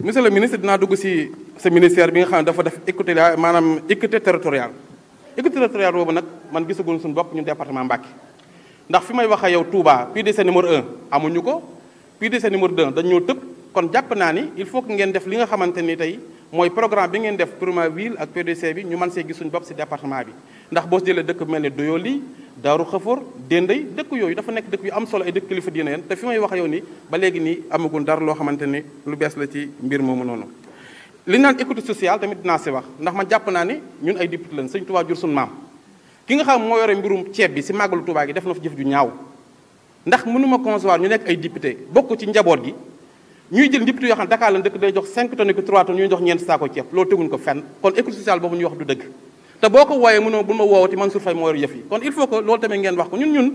monsieur le ministre dinaa dugg si sa ministère bi nga xam ne dafa def équité maanaam équité territoriale équité territoriale boobu nag man gisaguñ suñu bopp ñu département Mbacké ndax fi may wax yow Touba PDC numéro 1 amuñu ko PDC numéro 2 dañoo tëb kon jàpp naa ni il faut que ngeen def li nga xamante ni tey mooy programme bi ngeen def Promoville ak PDC bi ñu mën see gis suñu bopp département bi ndax boo jëlee dëkk mel ni Doyoli daaru xafoor dénday dëkk yooyu dafa nekk dëkk yu am solo ay dëkk kilifa diina yeen te fi may wax yow ni ba léegi nii amagul dara loo xamante ni lu bees la ci mbir moomu noonu li naan écoute sociale tamit dinaa si wax ndax ma jàpp naa ni ñun ay député lañ sëñ Touba jur suñu maam ki nga xam moo yore mbirum ceeb bi si màggalu Touba gi def na fa jëf ju ñaaw ndax mënuma concevoir ñu nekk ay député bokk ci njaboot gi ñuy jël député yoo xam ne Dakar lañ jox 5 tonnes ko 3 tonnes ñuy jox ñeent saako boobu ñuy wax du dëgg te boko woyé wooyee buma bu ma woowati Mansour Faye moo yëf yi kon il faut que loolu tamé ngeen wax ko ñun ñun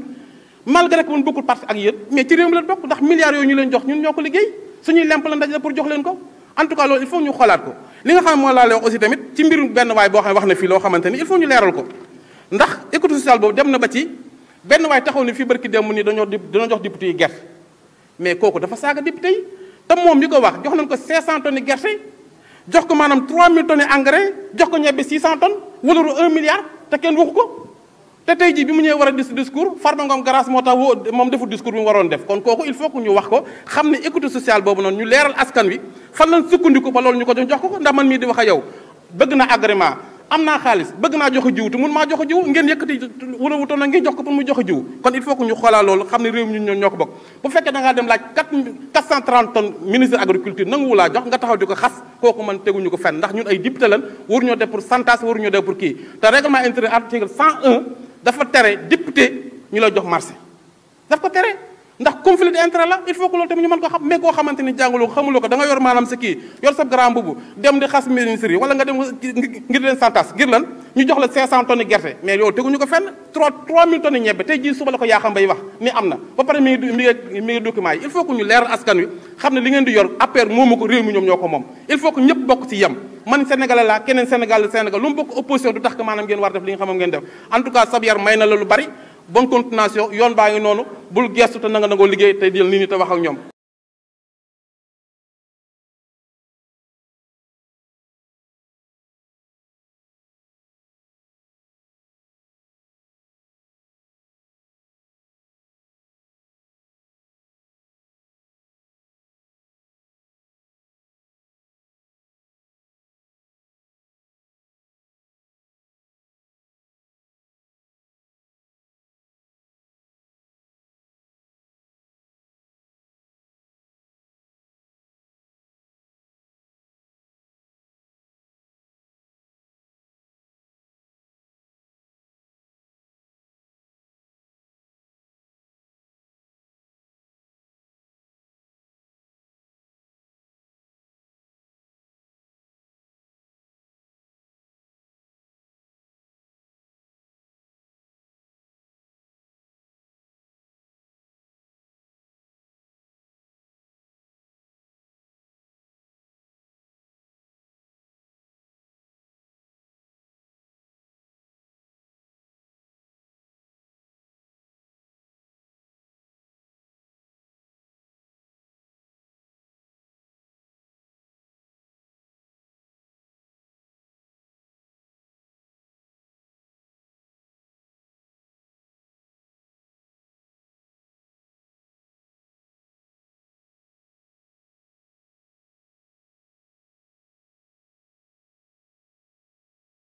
malgré que mun bokkul parti ak yéen mais ci réew mi la bokk ndax milliards yooyu ñu leen jox ñun ñoko ko liggéey suñuy lemp la ndaj la pour jox leen ko en tout cas loolu il faut ñu xoolaat ko li nga xam ne moo laa lay wax aussi tamit ci mbir ben way bo xam wax na fi lo xamanteni il faut ñu léral ko ndax écoute social boobu dem na ba ci ben way taxaw ni fi barki dem ni dañu dañu jox député yi gerte mais kooku dafa saga député yi te moom mi ko wax jox nañ ko 500 tonnes gerte jox ko manam 3000 tonnes engrais jox ko ñebbe 600 tonnes walaru un milliard te kenn waxu ko te tey jii bi mu ñëwee war a dis discours Farba Ngom grâce moo tax woo moom deful discours bi mu waroon def kon kooku il faut que ñu wax ko xam ne équité sociale boobu noonu ñu leeral askan wi fan lañ sukkandiku ba loolu ñu ko jox jox ko ndax man mii di wax a yow bëgg na agrément am naa xaalis bëgg naa joxe jiw te mun maa joxe jiw ngeen yëkkati wala wutoon na ngeen jox ko pour mu joxe jiw kon il faut que ñu xoolaa loolu xam ne réew mi ñun ñoo ko bokk bu fekkee da ngaa dem laaj quatre quatre cent trente tonnes ministre agriculture nanguwu laa jox nga taxaw di ko xas kooku man teguñu ko fenn ndax ñun ay député lan waruñoo def pour santas waruñoo def pour kii te règlement intérieur article 101 dafa tere député ñu la jox marché daf ko tere ndax conflit d'intérêt la il faut que loolu tamit ñu mën ko xam mais koo xamante ni jànguloo ko xamuloo ko da nga yor maanaam sa kii yor sa grand bubu dem di xas ministre yi nga dem ngir leen santas ngir lan ñu jox la 500 gerte mais yow teguñu ko fenn 3 3000 tonnes ñebbe tey jii suba la ko yaa bay wax ni am na ba pare mi ngi mi ngi document yi il faut que ñu leeral askan wi xam ne li ngeen di yor affaire moomu ko réew mi ñoom ñoo ko bonne continuation yoon baa ngi noonu bul gestu te nanga nangoo liggéey tey di li ni te wax ak ñoom